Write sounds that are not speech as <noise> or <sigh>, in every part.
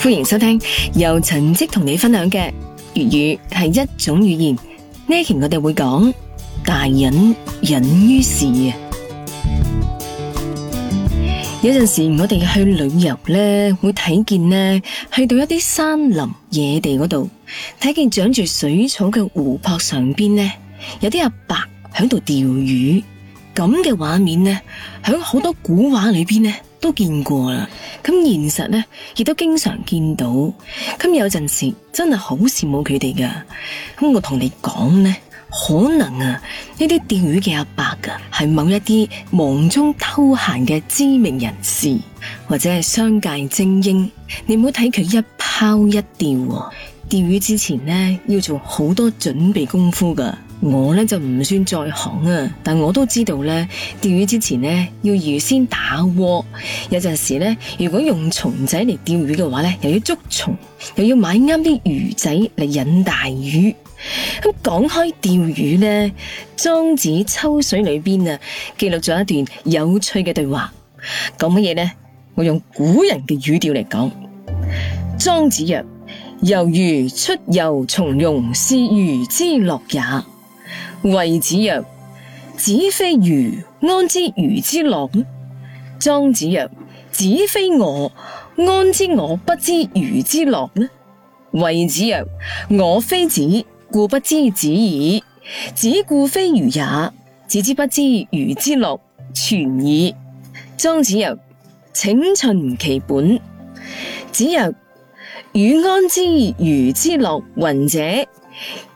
歡迎收聽，由陳積同你分享嘅粵語係一種語言。呢期我哋會講大隱隱於市 <noise> 有陣時我哋去旅遊呢，會睇見呢，去到一啲山林野地嗰度，睇見長住水草嘅湖泊上邊呢，有啲阿伯喺度釣魚，咁嘅畫面呢，響好多古畫裏邊呢。都見過啦，咁現實咧亦都經常見到，咁有陣時真係好羨慕佢哋噶。咁我同你講咧，可能啊呢啲釣魚嘅阿伯噶、啊、係某一啲忙中偷閒嘅知名人士，或者係商界精英。你唔好睇佢一拋一釣，哦，釣魚之前咧要做好多準備功夫噶。我呢就唔算在行啊，但我都知道呢，釣魚之前呢，要預先打窩。有陣時呢，如果用蟲仔嚟釣魚嘅話呢，又要捉蟲，又要買啱啲魚仔嚟引大魚。咁講開釣魚呢，《莊子秋水》裏邊啊，記錄咗一段有趣嘅對話，講乜嘢呢？我用古人嘅語調嚟講：莊子曰：游魚出游從容，是魚之樂也。惠子曰：子非魚，安知魚之樂？莊子曰：子非我，安知我不知魚之樂呢？惠子曰：我非子，故不知子矣。子固非魚也，子之不知魚之樂，全矣。莊子曰：請循其本。子曰：與安知魚之樂云者？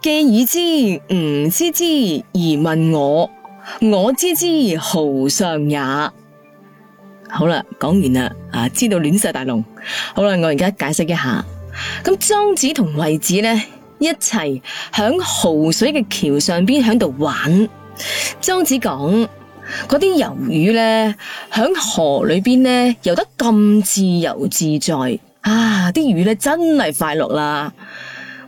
既已知吾、嗯、知之而問我，我知之濠上也。好啦，講完啦啊！知道亂晒大籠，好啦，我而家解釋一下。咁莊子同惠子呢，一齊響濠水嘅橋上邊響度玩。莊子講嗰啲游魚呢，響河裏邊呢，游得咁自由自在啊！啲魚呢，真係快樂啦～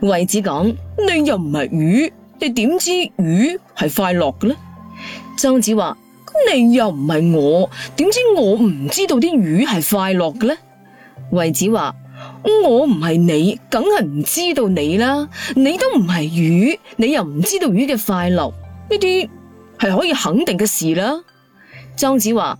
惠子講：你又唔係魚，你點知魚係快樂嘅咧？莊子話：你又唔係我，點知我唔知道啲魚係快樂嘅咧？惠子話：我唔係你，梗係唔知道你啦。你都唔係魚，你又唔知道魚嘅快樂，呢啲係可以肯定嘅事啦。莊子話。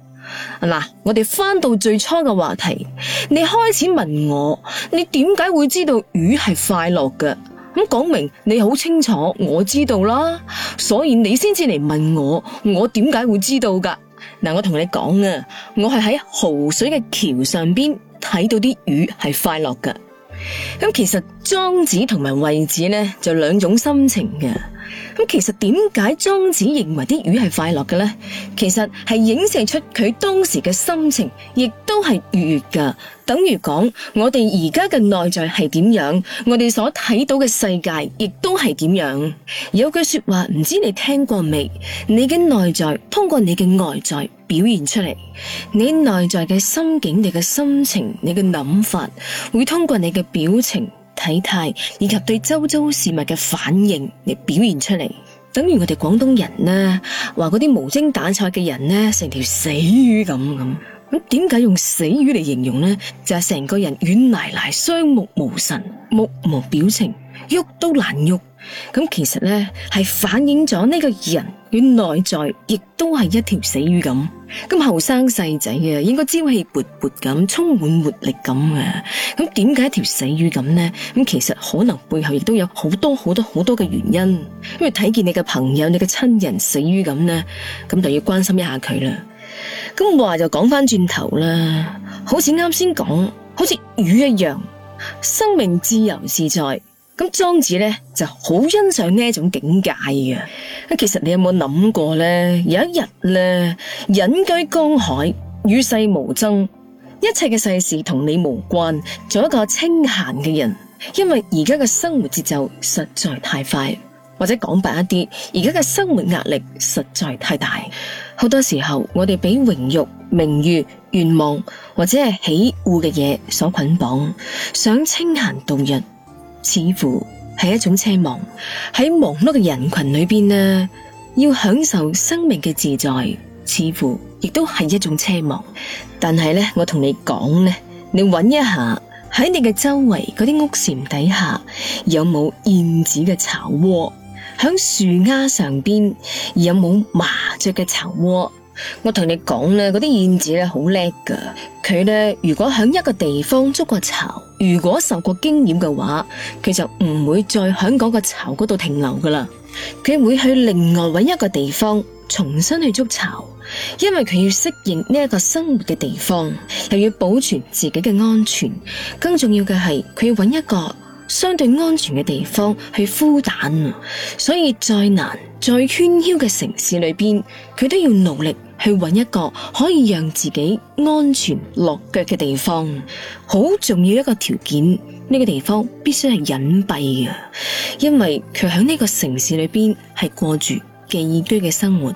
嗱，我哋翻到最初嘅話題，你開始問我，你點解會知道魚係快樂嘅？咁講明你好清楚，我知道啦，所以你先至嚟問我，我點解會知道噶？嗱，我同你講啊，我係喺河水嘅橋上邊睇到啲魚係快樂噶。咁其實莊子同埋惠子咧就兩種心情嘅。咁其實點解莊子認為啲魚係快樂嘅咧？其實係影射出佢當時嘅心情，亦都係愉悅㗎。等於講我哋而家嘅內在係點樣，我哋所睇到嘅世界亦都係點樣。有句說話唔知你聽過未？你嘅內在通過你嘅外在表現出嚟，你內在嘅心境、你嘅心情、你嘅諗法，會通過你嘅表情。體態以及對周遭事物嘅反應嚟表現出嚟，等於我哋廣東人呢，話嗰啲無精打采嘅人呢，成條死魚咁咁。咁點解用死魚嚟形容呢？就係、是、成個人軟泥泥，雙目無神，目無表情，喐都難喐。咁其實呢，係反映咗呢個人佢內在亦都係一條死魚咁。咁後生細仔啊，應該朝氣勃勃咁，充滿活力咁啊！咁點解一條死魚咁呢？咁其實可能背後亦都有好多好多好多嘅原因。因為睇見你嘅朋友、你嘅親人死魚咁呢，咁就要關心一下佢啦。咁話就講返轉頭啦，好似啱先講，好似魚一樣，生命自由自在。咁莊子咧就好欣賞呢一種境界嘅。其實你有冇諗過咧？有一日咧，隱居江海，與世無爭，一切嘅世事同你無關，做一個清閒嘅人。因為而家嘅生活節奏實在太快，或者講白一啲，而家嘅生活壓力實在太大。好多時候我哋俾榮辱、名譽、願望或者係喜惡嘅嘢所捆綁，想清閒度日似乎係一種奢望，喺忙碌嘅人群裏邊呢，要享受生命嘅自在，似乎亦都係一種奢望。但係咧，我同你講咧，你搵一下喺你嘅周圍嗰啲屋檐底下，有冇燕子嘅巢窩？響樹丫上邊有冇麻雀嘅巢窩？我同你講啦，嗰啲燕子咧好叻噶，佢咧如果響一個地方築個巢，如果受過經驗嘅話，佢就唔會再響嗰個巢嗰度停留噶啦，佢會去另外搵一個地方重新去築巢，因為佢要適應呢一個生活嘅地方，又要保存自己嘅安全，更重要嘅係佢要搵一個相對安全嘅地方去孵蛋，所以再難再喧囂嘅城市裏邊，佢都要努力。去搵一個可以讓自己安全落腳嘅地方，好重要一個條件。呢個地方必須係隱蔽嘅，因為佢喺呢個城市裏邊係過住寄居嘅生活。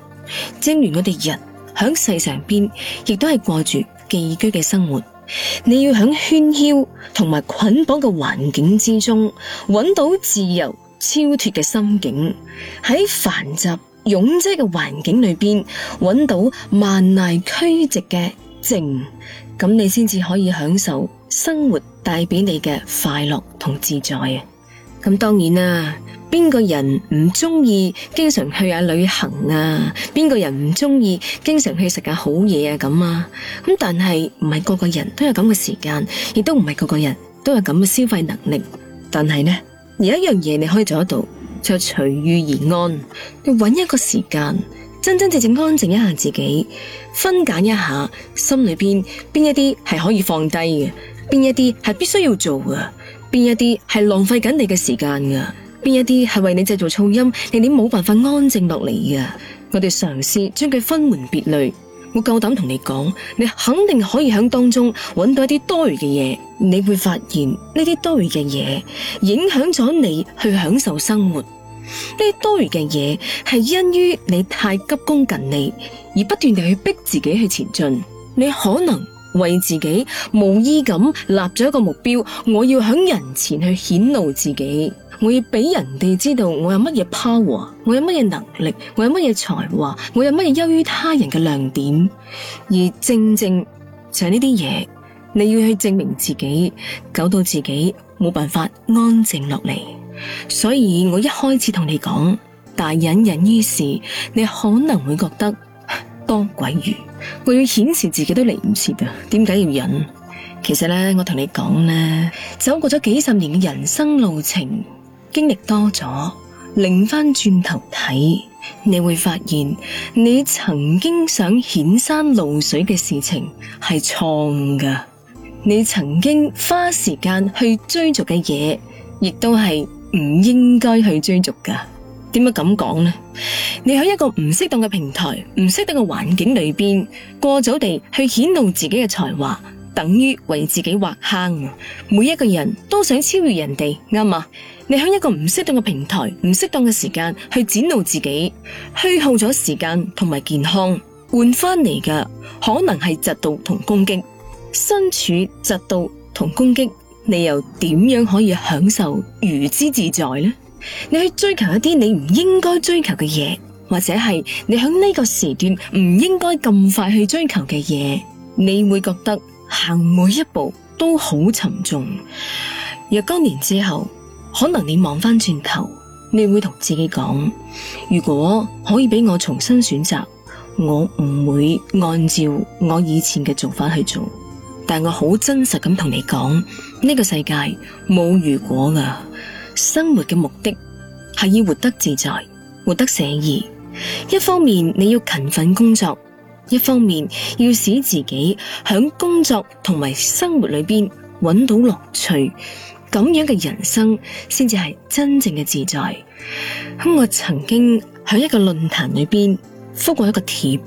正如我哋人響世上邊，亦都係過住寄居嘅生活。你要喺喧囂同埋捆綁嘅環境之中，搵到自由超脫嘅心境，喺繁雜。擁擠嘅環境裏邊，揾到萬籟俱寂嘅靜，咁你先至可以享受生活帶畀你嘅快樂同自在啊！咁當然啦，邊個人唔鍾意經常去下旅行啊？邊個人唔鍾意經常去食下好嘢啊？咁啊？咁但係唔係個個人都有咁嘅時間，亦都唔係個個人都有咁嘅消費能力。但係呢，有一樣嘢你可以做得到。就隨遇而安，要揾一個時間，真真正正安靜一下自己，分揀一下，心裏邊邊一啲係可以放低嘅，邊一啲係必須要做嘅，邊一啲係浪費緊你嘅時間㗎，邊一啲係為你製造噪音，令你冇辦法安靜落嚟嘅。我哋嘗試將佢分門別類。我夠膽同你講，你肯定可以喺當中揾到一啲多餘嘅嘢，你會發現呢啲多餘嘅嘢影響咗你去享受生活。呢啲多餘嘅嘢係因於你太急功近利，而不斷地去逼自己去前進。你可能為自己無意咁立咗一個目標，我要喺人前去顯露自己。我要俾人哋知道我有乜嘢 power，我有乜嘢能力，我有乜嘢才華，我有乜嘢優於他人嘅亮點。而正正就係呢啲嘢，你要去證明自己，搞到自己冇辦法安靜落嚟。所以我一開始同你講，大隱隱於市，你可能會覺得多鬼餘。我要顯示自己都嚟唔切啊！點解要忍？其實咧，我同你講咧，走過咗幾十年嘅人生路程。經歷多咗，擰翻轉頭睇，你會發現你曾經想顯山露水嘅事情係錯誤噶，你曾經花時間去追逐嘅嘢，亦都係唔應該去追逐噶。點解咁講呢？你喺一個唔適當嘅平台，唔適當嘅環境裏邊，過早地去顯露自己嘅才華。等於為自己挖坑。每一個人都想超越人哋，啱嘛？你喺一個唔適當嘅平台、唔適當嘅時間去展露自己，虛耗咗時間同埋健康，換翻嚟嘅可能係嫉妒同攻擊。身處嫉妒同攻擊，你又點樣可以享受如之自在呢？你去追求一啲你唔應該追求嘅嘢，或者係你喺呢個時段唔應該咁快去追求嘅嘢，你會覺得……行每一步都好沉重。若干年之後，可能你望翻轉頭，你會同自己講：如果可以俾我重新選擇，我唔會按照我以前嘅做法去做。但我好真實咁同你講，呢個世界冇如果噶。生活嘅目的係要活得自在，活得寫意。一方面你要勤奮工作。一方面要使自己喺工作同埋生活裏邊揾到樂趣，咁樣嘅人生先至係真正嘅自在。咁我曾經喺一個論壇裏邊覆過一個帖，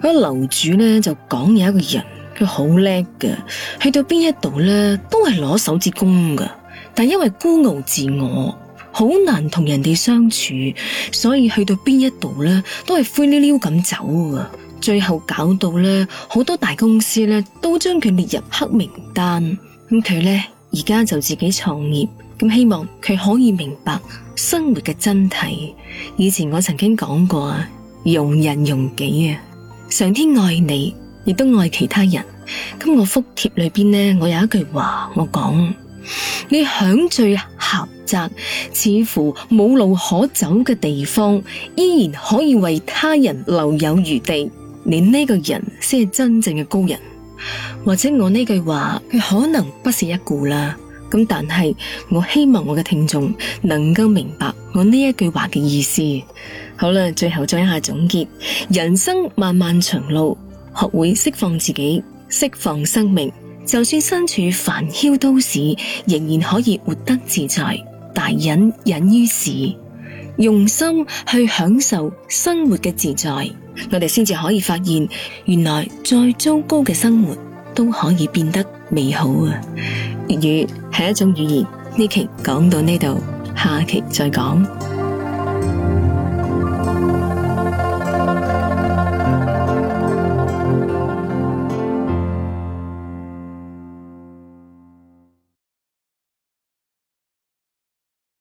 嗰樓主咧，就講有一個人，佢好叻嘅，去到邊一度咧，都係攞手指公嘅，但因為孤傲自我，好難同人哋相處，所以去到邊一度咧，都係灰溜溜咁走啊。最後搞到咧，好多大公司咧都將佢列入黑名單。咁佢咧而家就自己創業，咁希望佢可以明白生活嘅真諦。以前我曾經講過啊，容人容己啊，上天愛你亦都愛其他人。咁我覆帖裏邊咧，我有一句話我講：你響最狹窄、似乎冇路可走嘅地方，依然可以為他人留有餘地。連呢個人先係真正嘅高人，或者我呢句話佢可能不屑一顧啦。咁但係我希望我嘅聽眾能夠明白我呢一句話嘅意思。好啦，最後再一下總結：人生漫漫長路，學會釋放自己，釋放生命，就算身處繁囂都市，仍然可以活得自在。大隱隱於市，用心去享受生活嘅自在。我哋先至可以發現，原來再糟糕嘅生活都可以變得美好啊！粵語係一種語言，呢期講到呢度，下期再講。